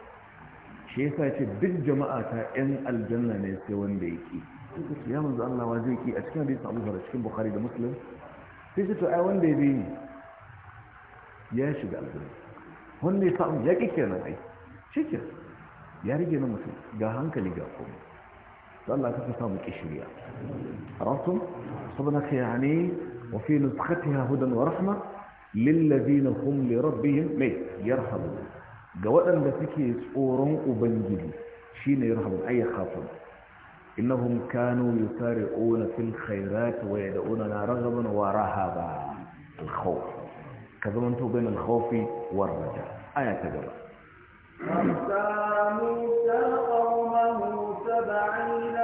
shi yasa ce duk jama'a ta yan aljanna ne sai wanda ya ke. suka ce ya manzon Allah wa zai ke a cikin hadisin Abu Hurairah cikin Bukhari da Muslim sai su to ai wanda ya bi ya shiga aljanna wanda ya samu ya ƙi kenan ai shikin ya rige na mutum ga hankali ga komai Allah ka samu kishiriya عرفتم صبناك يعني وفي نسختها هدى ورحمة للذين هم لربهم مي يرحمون جوادا لتكي سؤورون أبنجلي شين يرحمون أي خاطر إنهم كانوا يسارعون في الخيرات ويدعوننا رغبا ورهبا الخوف كذا من بين الخوف والرجاء آية تجرب موسى قومه سبعين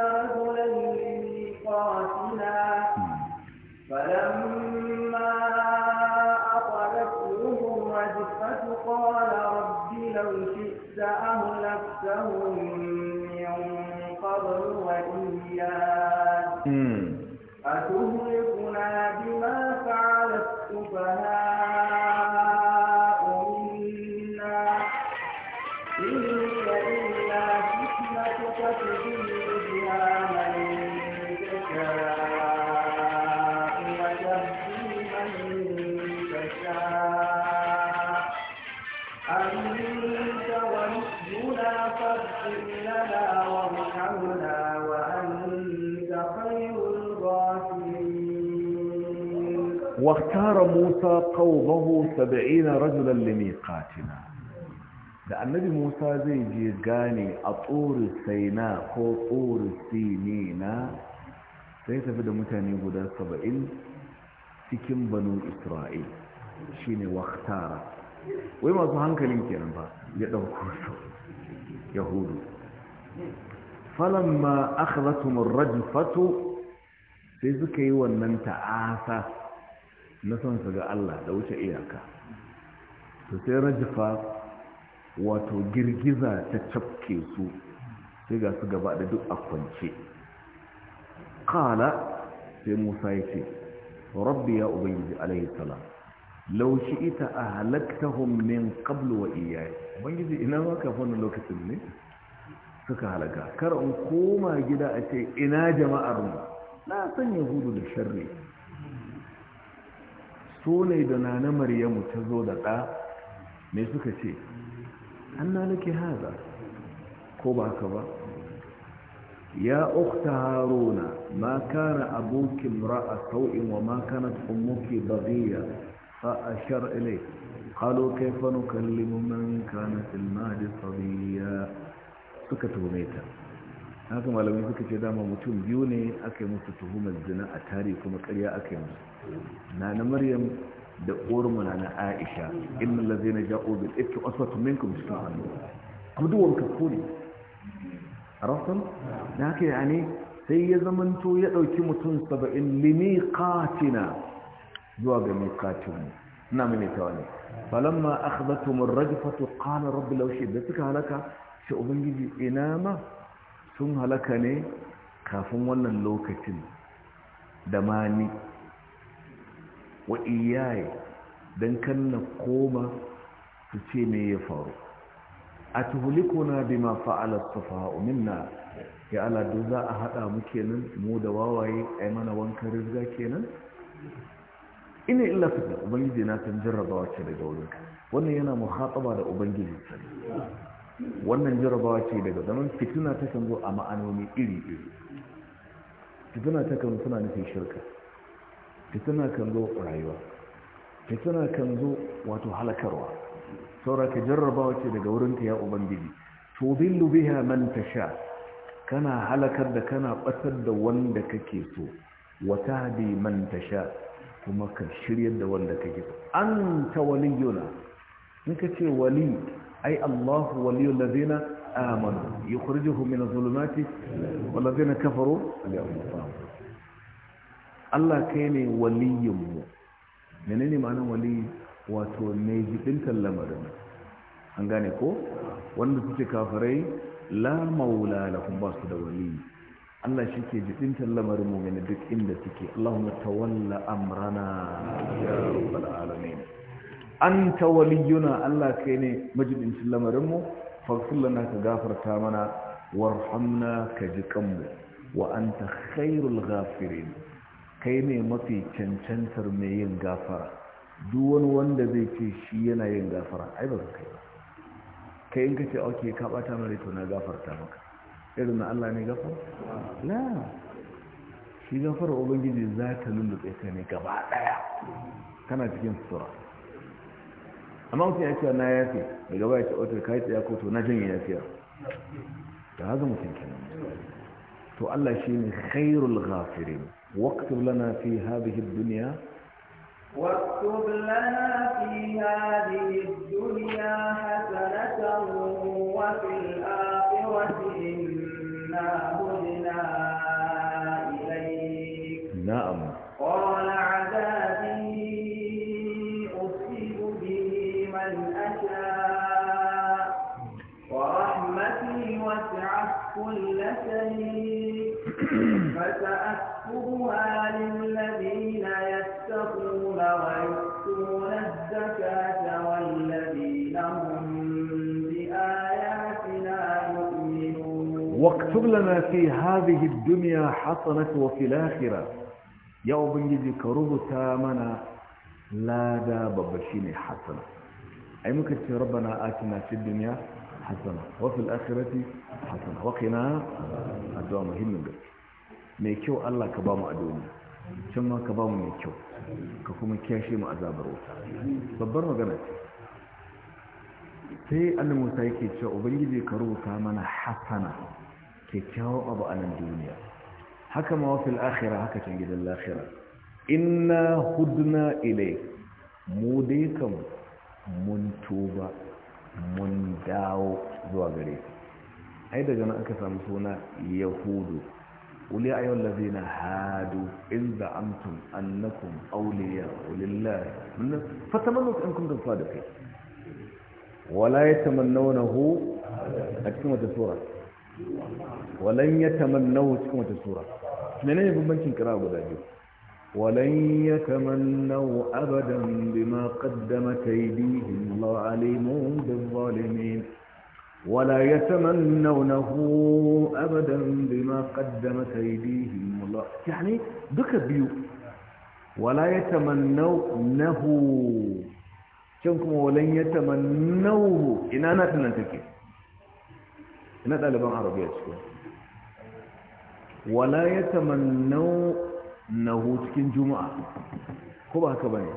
واختار موسى قومه سبعين رجلا لميقاتنا لأن النبي موسى زي جيغاني أطور السيناء هو طور السينينا سيسا فدى متان يقول سبعين سكن بنو إسرائيل شيني واختار ويما زهان كلمك يا نبا يدعو كرسو يهود فلما أخذتهم الرجفة سيزكي ونمت آسا na son su ga Allah da wuce iyaka to sai rajifa wato girgiza ta cafke su sai ga su gaba da duk a kwance kala sai musa ya ce rabbi ya ubangiji alaihi sala lau shi ita a halakta min kablu wa iyaye ubangiji ina ma kafin lokacin ne suka halaka kar in koma gida a ce ina jama'ar mu na san yahudu da sharri solai da nana maryamu ta zo da ɗa mai suka ce an na lake haza ko ba ka ba ya ukta haruna ma kana abokin ra'a sau'in wa ma kana ummuki baghiya fa ashar ilay qalu kayfa nukallimu man kana fil mahdi sabiya suka tuhume ta haka malamai suka ce dama mutum biyu ne aka yi musu tuhumar zina a tare kuma karya aka yi musu na na maryam da ƙormu na na aisha inna lazai na ja'o bil ikki aswatu minkum cikin hannu abubuwan kakko ne a rasan da haka ya ne sai ya zamanto ya ɗauki mutum saba'in limi katina zuwa ga mai katinmu na mai tawa ne falamma akhadatum mun rajfatu qala rabbi law shi da suka halaka shi ubangiji ina ma sun halaka ne kafin wannan lokacin da ni wa iyaye don kanna koma su ce me ya faru a na bi ma fa'ala safaha'u minna ya ala za a haɗa mu kenan mu da wawaye ai mana wankan rizga kenan ina illa fitna ubangiji na san jarrabawa ce daga ka, wannan yana muhataba da ubangiji sani wannan jarrabawa ce daga zaman fitina ta kan zo a ma'anoni iri iri fitina ta kan suna nufin shirka fitina kan zo rayuwa fitina kan zo wato halakarwa saura ka jarrabawa ce daga ta ya ubangiji tudillu biha man tasha kana halakar da kana batar da wanda kake so wa tahdi man tasha kuma ka shiryar da wanda kake so anta waliyuna in ka ce wali ai Allahu waliyul ladina amanu yukhrijuhum min adh-dhulumati wal ladina kafaru al-yawma Allah kai ne waliyinmu menene ma'anin waliyi wato ne jibintar lamarin an gane ko wanda suke kafirai la maula lahum ba su da waliyi Allah shi ke jibintar lamarin mummina duk inda suke Allahumma tawalla amrana ya rabbal alamin anta waliyuna Allah kai ne majibincin lamarin mu faghfir lana ka gafarta mana warhamna ka ji kanmu. wa anta khairul ghafirin kai ne mafi cancantar mai yin gafara duk wani wanda zai ce shi yana yin gafara ai ba kai ba kai in ka ce ok ka bata mara to na gafarta maka irin na Allah ne gafara na shi gafar ubangiji za ta lullube ka ne gaba daya kana cikin sutura amma mutum ya ce na yafe da gaba ya ce otar ka yi tsaya ko to na ya yafiyar da haka mutum kenan to Allah shi ne khairul ghafirin واكتب لنا في هذه الدنيا واكتب لنا في هذه الدنيا حسنة وفي الآخرة إنا هدنا إليك نعم قال عذابي أصيب به من أشاء ورحمتي وسعت كل شيء فسأت أموال الذين يتقون ويؤتون الزكاة والذين هم بآياتنا يؤمنون واكتب لنا في هذه الدنيا حسنة وفي الآخرة يوم يذكره تامنا لا داب بشين حسنة أي مكتب ربنا آتنا في الدنيا حسنة وفي الآخرة حسنة وقنا أدوى مهم من mai kyau Allah ka ba mu a duniya can ma ka ba mu mai kyau ka kuma kyashe mu azabar wuta babbar magana ce sai annan musa yake cewa ubangiji ka rubuta mana hasana kyakkyawan abu a nan duniya haka ma wafil akhira haka can gidan lahira inna hudna ile mu dai kam mun tuba mun dawo zuwa gare ai daga nan aka samu suna yahudu قل يا أيها الذين هادوا إن زعمتم أنكم أولياء لله فتمنوا إن كنتم صادقين ولا يتمنونه أتكمة السورة ولن يتمنوا أتكمة السورة من أين يكون بنشن كراء بذلك ولن يتمنوا أبدا بما قدمت أيديهم الله عليم بالظالمين ولا يتمنونه ابدا بما قدمت ايديهم الله يعني دك بيو ولا يتمنونه كم ولن يتمنوه ان انا تنتكي ina ɗaliban arabi a cikin wala ya tamannau na cikin juma'a ko ba haka bane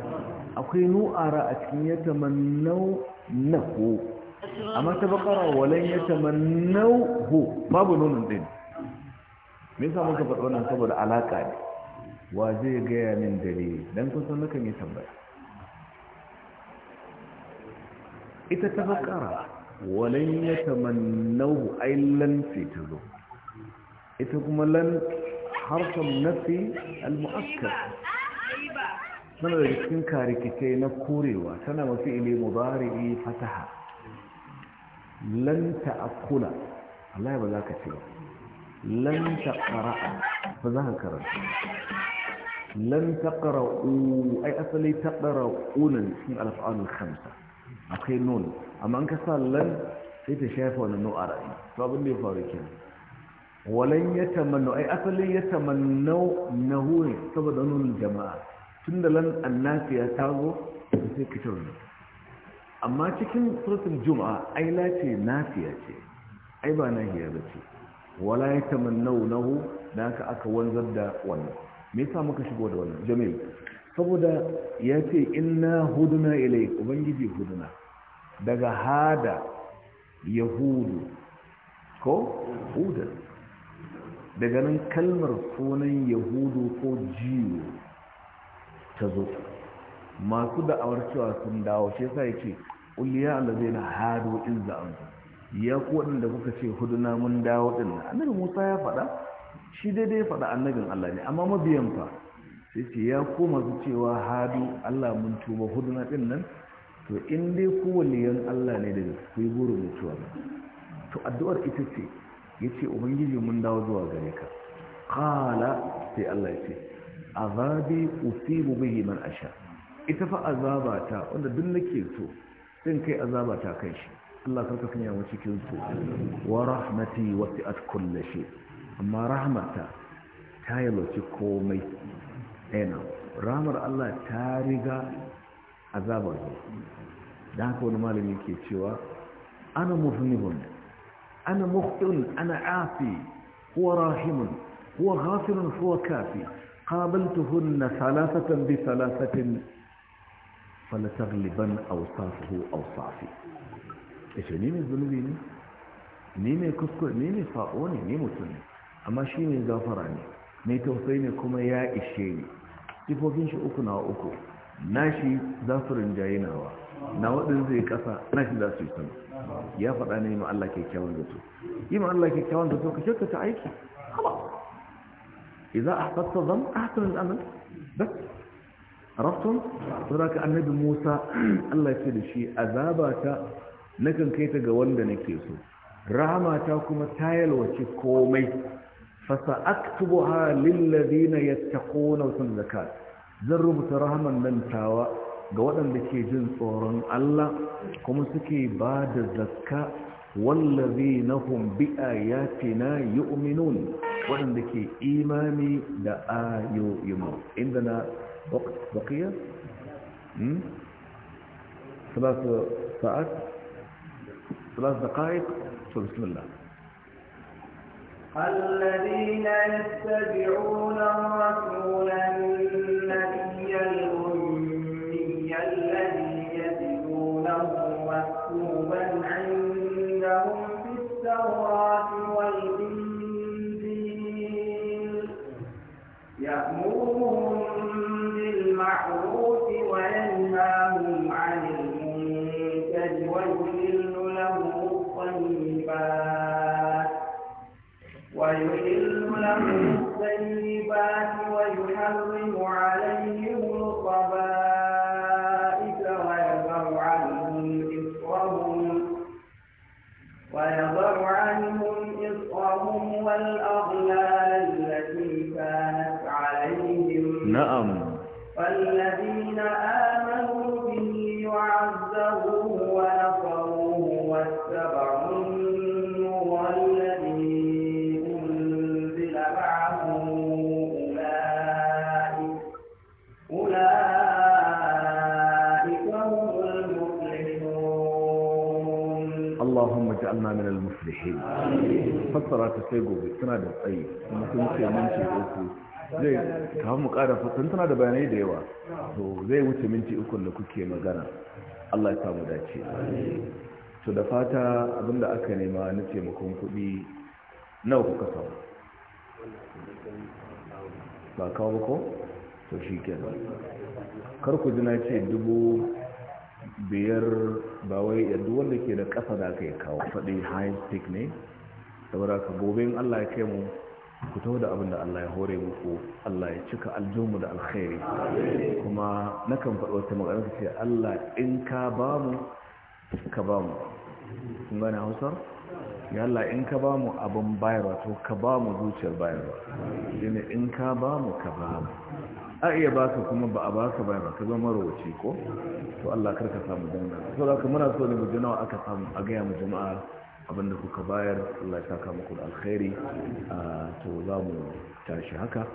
akwai nu'ara a cikin ya tamannau na amma ta bakara walan ya tamannahu babu nunin din me yasa muka faɗo wannan saboda alaƙa ne wa zai gaya min dalili dan kun san nakan yi tambaya ita ta bakara walan ya ai ay lan fitulu ita kuma lan harfin nafi al muakkar tana da cikin karikitai na korewa tana mafi ile mubari'i fataha لن تأقل الله يبقى ذلك كثير لن تقرأ فذا هنكرر لن تقرأ أي أصلي تقرأ أولا من الأفعال الخمسة أخير نون أما أنك قال لن يتشافه أنه نؤرى فأب اللي يفارك يعني؟ ولن يتمنوا أي أصلي يتمنوا نهوه فبدأ نون الجماعة تند لن الناس يتاغوا بسيك كثير amma cikin suratul juma'a ai lace nafiya ce ai ba nahiya ba ce wala ya nahu da haka aka wanzar da wannan me yasa muka shigo da wannan jami'i saboda ya ce inna huduna ilai ubangiji huduna daga hada yahudu ko huda daga nan kalmar sunan yahudu ko Jiwo ta zo masu da'awar cewa sun dawo shi yasa ya ce ƙulliya allazai na hadu in za'an ya kuwaɗin da kuka ce huduna mun dawo ɗin annabi musa ya faɗa shi daidai ya faɗa annabin allah ne amma mabiyan fa sai ce ya koma su cewa hadu allah mun tuba huduna ɗin nan to in dai ku waliyan allah ne da ku yi burin mutuwa ba to addu'ar ita ce ya ce ubangiji mun dawo zuwa gare ka kala sai allah ya ce azabi usibu bihi man asha ita fa azaba ta wanda duk nake so sun kai azaba ta kai shi Allah karka sanya wa cikin su wa rahmati wasi'at kulli shay amma rahmata ta yalwaci komai ɗaya rahmar Allah ta riga azabar ne dan haka wani malami ke cewa ana mufnihun ana mukhtin ana afi huwa rahimun huwa ghafirun huwa kafi qabaltuhunna thalathatan bi thalathatin falatagliban ausafuhu ausafi ya ce ni mai zunubi ne ni mai kuskure ni mai sa'o ne ni mutum ne amma shi ne zafara ne mai tausayi ne kuma ya ishe ni sifofin shi uku na uku na za su rinjaye nawa na waɗin zai ƙasa na shi za su yi sama ya faɗa ne ma Allah kyakkyawan zato yi ma Allah kyakkyawan zato ka a a rafton su da ka annabi musa allah ce da shi azabata na kan kai ta ga wanda nake so ta kuma ta yalwace komai fasa aktubu ha lillazi na ya ta kona wasan zaka zan rubuta rahaman nan tawa ga waɗanda ke jin tsoron allah kuma suke ba da zaka wallazi na hun bi a ya ce na yi'uminun waɗanda ke imani da ayoyi ma inda na وقت بقية ثلاث ساعات ثلاث دقائق طيب، بسم الله الذين يتبعون الرسول النبي الأمي الذي fassara ta sai gobe suna da tsayi kuma sun ce minti uku zai kawo mu ƙara fasan tana da bayanai da yawa to zai wuce minti uku da kuke magana Allah ya samu dace to da fata abinda aka nema na taimakon kuɗi nawa kuka samu ba kawo ko to shi kenan kar ku ji na ce dubu biyar ba wai yadda wanda ke da ƙasa da aka yi kawo faɗi high stick ne saboda ka gobe in Allah ya kai mu ku taho da abin da Allah ya hore muku Allah ya cika aljumu da alkhairi kuma na kan faɗo ta magana ka ce Allah in ka ba mu ka ba mu kun gane hausar ya Allah in ka ba mu abin bayarwa to ka ba mu zuciyar bayarwa shine in ka ba mu ka ba mu a iya baka kuma ba a baka bayarwa ka zama rawaci ko to Allah kar ka samu dangana saboda ka muna so ne mu jinawa aka samu a gaya mu jama'a abinda kuka bayar Allah ya saka muku alkhairi to za mu tashi haka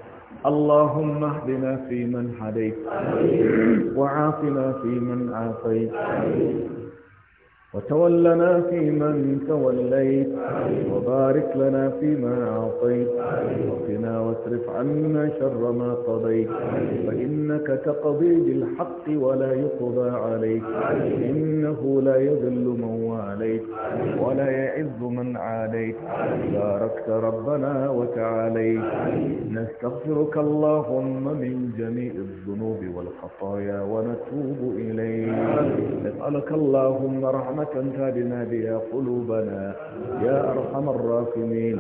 اللهم اهدنا فيمن هديت وعافنا فيمن عافيت وتولنا فيمن توليت وبارك لنا فيما أعطيت وقنا واصرف عنا شر ما قضيت فإنك تقضي بالحق ولا يقضى عليك إنه لا يذل من واليت ولا يعز من عاديت باركت ربنا وتعاليت نستغفرك اللهم من جميع الذنوب والخطايا ونتوب إليك نسألك اللهم رحمة رحمة تابنا بها قلوبنا يا أرحم الراحمين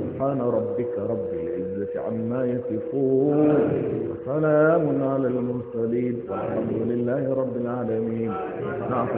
سبحان ربك رب العزة عما يصفون وسلام على المرسلين والحمد لله رب العالمين نعم.